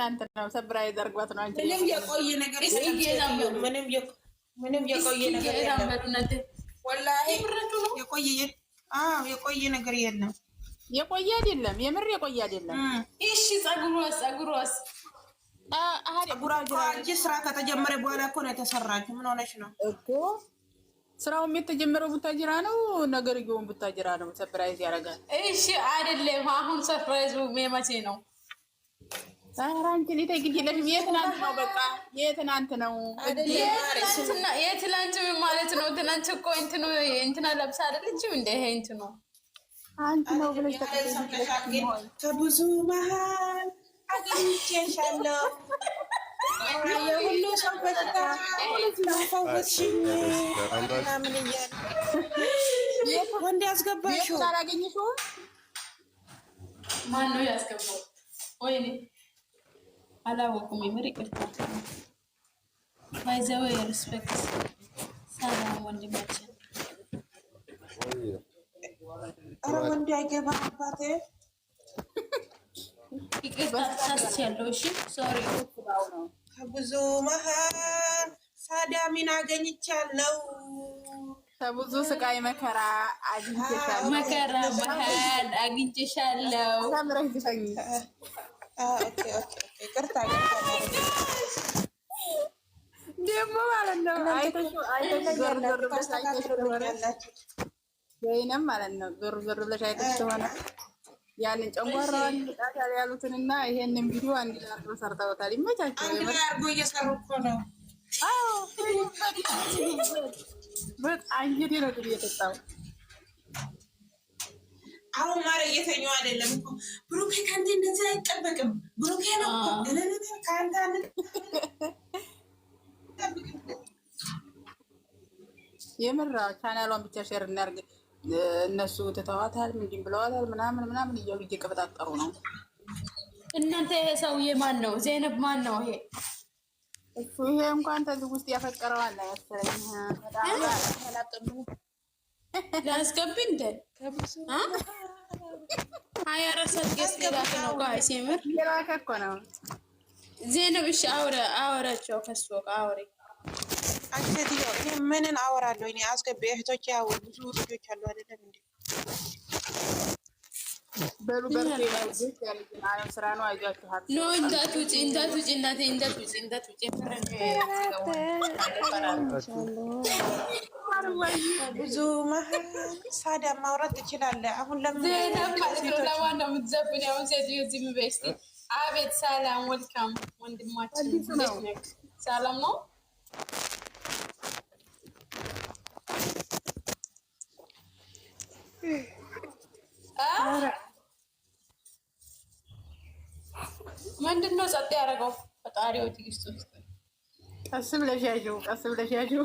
ትናንት ነው ሰብራ የዘርጓት ነው። ምንም የቆየ ነገር ምንም የቆየ ነገር የቆየ ነገር የለም። የቆየ አይደለም፣ የምር የቆየ አይደለም። እሺ ጸጉሯስ ጸጉሯስ አንቺ ስራ ከተጀመረ በኋላ እኮ ነው የተሰራችው። ምን ሆነሽ ነው እኮ ስራውም የተጀመረው ቡታጅራ ነው። ነገር ጊውን ቡታጅራ ነው። ሰፕራይዝ ያደርጋል። እሺ አይደለም። አሁን ሰፕራይዝ መቼ ነው? አንቺን ይተግድ የትናንት ነው በቃ የትናንት ነው የትናንት ማለት ነው። ትናንት እኮ እንትኑ እንትና ለብሳ አይደለችም እንደ ይሄ እንትኑ አንቺ ነው ብለሽ ከብዙ መሀል አግኝቼሻለሁ የሁሉ ሰው ወንድ ያስገባሽው ያስገባው? ወይኔ አላወቁም። የምር ይቅርታ። ባይዘዌ ሪስፔክት። ሰላም ወንድማችን። ኧረ ወንድ አይገባ አባቴ። ከብዙ መሀል ሳዳሚን አገኝቻለሁ። ከብዙ ስቃይ መከራ አግኝቼሻለሁ። መከራ መሀል አግኝቼሻለሁ። ይቅርታ ah, ደግሞ ማለት ነው ወይንም ማለት ነው ዞር ዞር ብለሽ አይተሽ ከሆነ ያንን ጨንጓራዋን ጣል ያሉትንና ይሄንን ቪዲዮ አንድ ላይ አድርገው ሰርተውታል። ይመቻቸው። አድርጎ እየሰሩ እኮ ነው። አዎ በጣም እንግዲህ ነው የጠጣው አሁን ማረ እየተኛው አይደለም እኮ ብሩኬ፣ ከአንተ እንደዚህ አይጠበቅም። ብሩኬ ነው ከአንተ የምራ ቻናሏን ብቻ ሼር እናርግ። እነሱ ትተዋታል፣ ምንድን ብለዋታል፣ ምናምን ምናምን እያሉ እየቀበጣጠሩ ነው። እናንተ ይሄ ሰውዬ ማን ነው? ዜነብ ማን ነው ይሄ? እሱ ይሄ እንኳን ተዚህ ውስጥ ያፈቀረዋል መሰለኝ። በጣም ላስገብ እንደ ሀያ አራት ሰዓት ገስ የላከ ነው ጋር ሲምር የላከ እኮ ነው። ዜነብ እሺ፣ አውረ አውራቸው ከሱ አውሪ አንተዲዮ እኔ ምንን አወራለሁ? እኔ አስገቢ እህቶች፣ ያው ብዙ ልጆች አሉ አይደለም እንዴ? በሉ በርቴ አለም ስራ ነው። አይዟችሁ ኖ እንዳትውጪ፣ እንዳትውጪ፣ እናቴ እንዳትውጪ፣ እንዳትውጪ ብዙ ሳዳ ማውራት ትችላለህ። አሁን ዩኒቨርሲቲ አቤት ሰላም፣ ወልካም ወንድማችን፣ ሰላም ነው። ምንድን ነው ጸጥ ያደረገው? ፈጣሪ ውስጥ ቀስ ብለሽ ያዥው፣ ቀስ ብለሽ ያዥው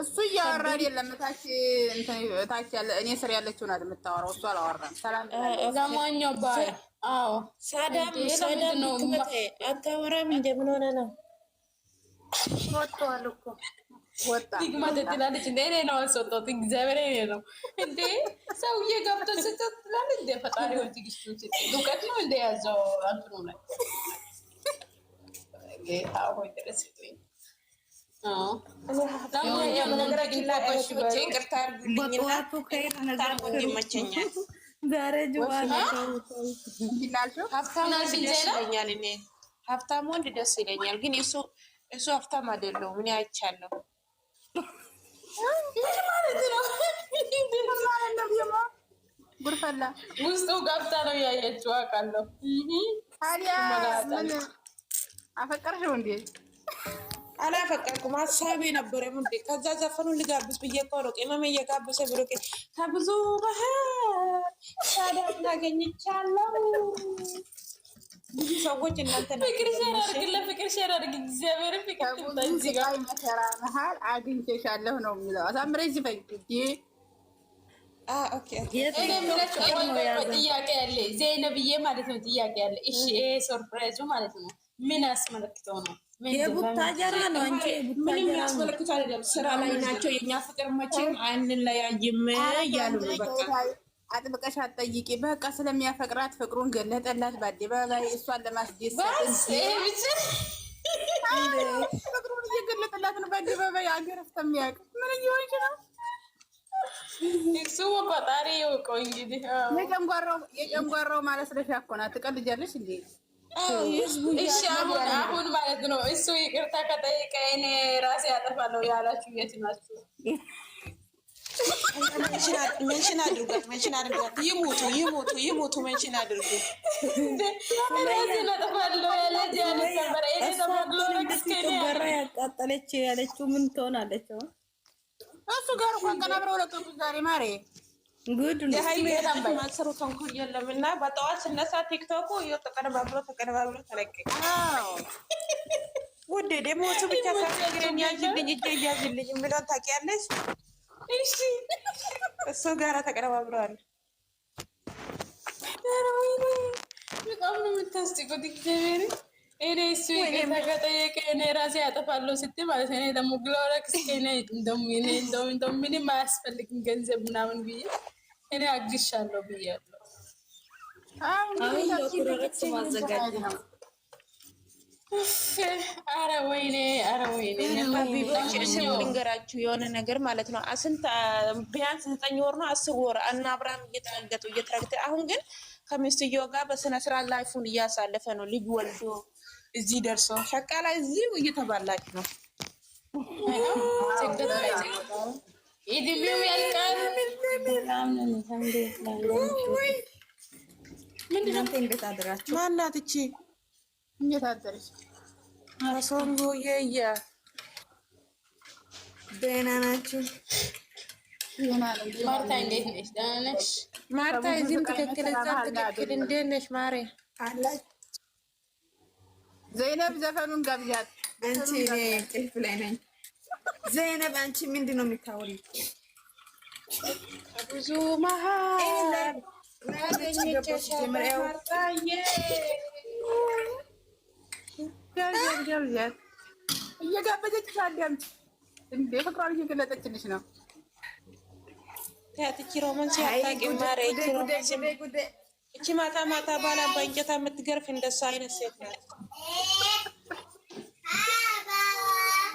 እሱ እያወራ አይደለም። ታች ታች ያለ እኔ ስር ያለችው ናት የምታወራው፣ እሱ አላወራም። ሰላም ለማንኛውም ባይ አዎ፣ ሳዳም ሳዳም አታወራም። እንደ ምን ሆነ ነው ወጥቷል እኮ ወጣ ግማት ትላለች። እንደ እኔ ነው አስወጣሁት። እግዚአብሔር እኔ ነው እንደ ሰውዬ ገብቶ ስጠት ትላለች። እንደ ፈጣሪ ወይ ትግስቱ እውቀት ነው እንደ ያዘው አንቱ ነው ጌታ ሆይ ድረስልኝ ሀብታም ወንድ ደስ ይለኛል፣ ግን እሱ እሱ ሀብታም አይደለውም። እኔ አይቻለሁ ጉርፈላ ውስጡ ገብታ ነው ያየችው። አውቃለሁ። ታዲያ ምን አፈቀርሽው እንዴ? አላፈቀርኩም። ሀሳቤ ነበረ ምንድ ከዛ ዘፈኑ ልጋብዝ ብዬ እኮ ነው። ቅመም እየጋበሰ ብሎቄ ከብዙ ባህር ታዲያ እናገኝቻለሁ። ብዙ ሰዎች እናንተ ፍቅር ሸር አድርግ፣ ለፍቅር እግዚአብሔር ፍቅርዚጋይ መከራ መሀል አግኝቼሻለሁ ነው የሚለው። አሳምረ ዝፈኝ ጥያቄ ያለ ዜነብዬ ማለት ነው። ጥያቄ ያለ እሺ፣ ሶርፕራይዙ ማለት ነው ምን አስመለክተው ነው? የቡታጀራ ነው እንጂ ምንም ያስመለክቱ አይደለም። ስራ ላይ ናቸው። የእኛ ፍቅር መቼም አንለያይም እያሉ ነው። በቃ አጥብቀሽ አትጠይቂ። በቃ ስለሚያፈቅራት ፍቅሩን ገለጠላት በአደባባይ እሷን ለማስደሰት ፍቅሩን እየገለጠላት ነው በአደባባይ። አገር ማለት እሺ አሁን አሁን ማለት ነው እሱ ይቅርታ ከጠይቀ እኔ ራሴ ያጠፋለሁ ያላችሁ የት ናችሁ? ሜንሽን አድርጓት፣ ሜንሽን አድርጓት። ይሙቱ ይሙቱ ይሙቱ ሜንሽን አድርጉ። በራ ያቃጠለች ያለችው ምን ትሆናለች? እሱ ጋር እንኳን ቀናብረው ለቀቡ ዛሬ ማሬ ማሰሩ ተንኮል የለም እና በጠዋት ስነሳ ቲክቶኩ ተቀነባብሎ ተቀነባብሎ ተለቀቀ። ውድ ደግሞ እሱ ብቻ ያዝልኝ እጄ እያዝልኝ የሚለውን ታውቂያለሽ? እሱ ጋራ ተቀነባብለዋል። በጣም ነው የምታስጭቁት። እግዚአብሔር እኔ እሱ ከጠየቀ እኔ ራሴ ያጠፋለሁ ስትል ማለት እኔ ደግሞ ግሎረክስ ምንም አያስፈልግም ገንዘብ ምናምን ብዬ እኔ አግሻለሁ ብያለሁ። አረ ወይኔ አረ ወይኔ ልንገራችሁ የሆነ ነገር ማለት ነው። አስንት ቢያንስ ዘጠኝ ወር ነው አስር ወር እና አብርሃም እየተረገጡ እየተረገጠ አሁን ግን ከሚስትየው ጋር በስነ ስርዓት ላይፉን እያሳለፈ ነው። ልጅ ወልዶ እዚህ ደርሶ ሸቃ ላይ እዚሁ እየተባላች ነው። ኢድሊው ያልቃል። እንዴት አደራችሁ? ማናት እቺ? እንዴት አደረች? አረሶንጎ የየ ደህና ናችሁ? ማርታ እንዴት ነሽ? ደህና ነሽ? ማርታ እዚህም ትክክል፣ እዛም ትክክል። እንዴት ነሽ ማሬ? ዘይነብ ዘፈኑን ጋብዣት። አንቺ እኔ ጭልፍ ላይ ነኝ ዘይነብ አንቺ ምንድን ነው የሚታወሪ? ብዙ እየገለጠችልሽ ነው። ሮማንስ እቺ ማታ ማታ ባላ በእንጨት የምትገርፍ እንደሷ አይነት ሴት ናት።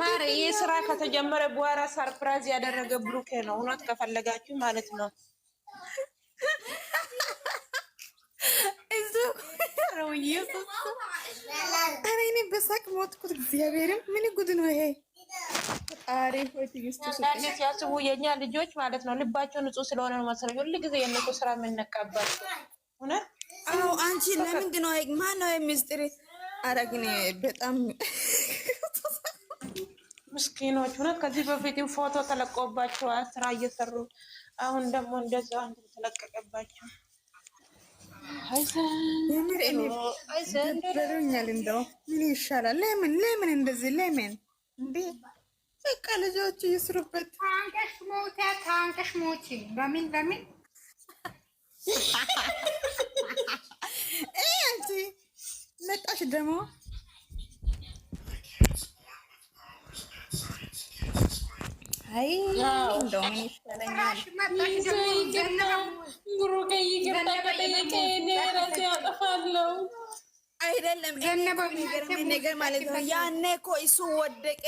ማሬ ይህ ስራ ከተጀመረ በኋላ ሰርፕራይዝ ያደረገ ብሩኬ ነው። እውነት ከፈለጋችሁ ማለት ነው። ኧረ እኔ በሳቅ ሞትኩት። እግዚአብሔርም ምን ጉድ ነው ይሄ? ሲያስቡ የኛ ልጆች ማለት ነው ልባቸው ንጹህ ስለሆነ ነው መሰለኝ ሁሉ ጊዜ የእነሱ ስራ የምንነቃባቸው እውነት። አንቺ ለምንድን ነው ማነው የሚስጥር አረግን በጣም ምስኪኖች እውነት ከዚህ በፊት ፎቶ ተለቆባቸው ስራ እየሰሩ አሁን ደግሞ እንደዛ አንዱ ተለቀቀባቸው። ይሰሩኛል እንደው ምን ይሻላል? ለምን ለምን እንደዚህ ለምን እንዴ? በቃ ልጆቹ ይስሩበት። ታንቀሽ ሞተ ታንቀሽ ሞቺ በምን በምን መጣሽ ደግሞ አይ እንደውም ይሻለኛል። አይደለም የሚገርመኝ ነገር ማለት ነው። ያኔ እኮ እሱ ወደቀ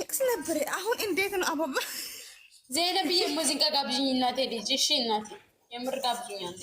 ልቅስ ነበር። አሁን እንዴት ነው አባባ ዜና ሙዚቃ ጋብዥኝ እናቴ ልጅ። እሺ እናቴ የምር ጋብዥኝ አንዴ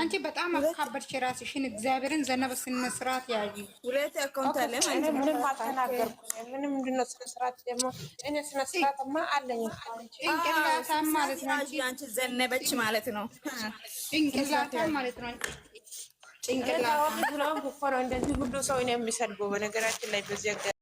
አንቺ በጣም አካበድሽ ራስሽን። እግዚአብሔርን ዘነበ ስነ ስርዓት ያዥ። ሁለት አካውንት አለ ማለት ምንም አልተናገርኩም። ምንም ምንድነው ስነ ስርዓት ደግሞ እኔ ስነ ስርዓትማ አለኝ። ጭንቅላታም ማለት ነው። አንቺ ዘነበች ማለት ነው። ጭንቅላታም ማለት ነው። ጭንቅላት ብሎ እኮ ነው እንደዚህ ሁሉ ሰው የሚሰድበው በነገራችን ላይ በዚህ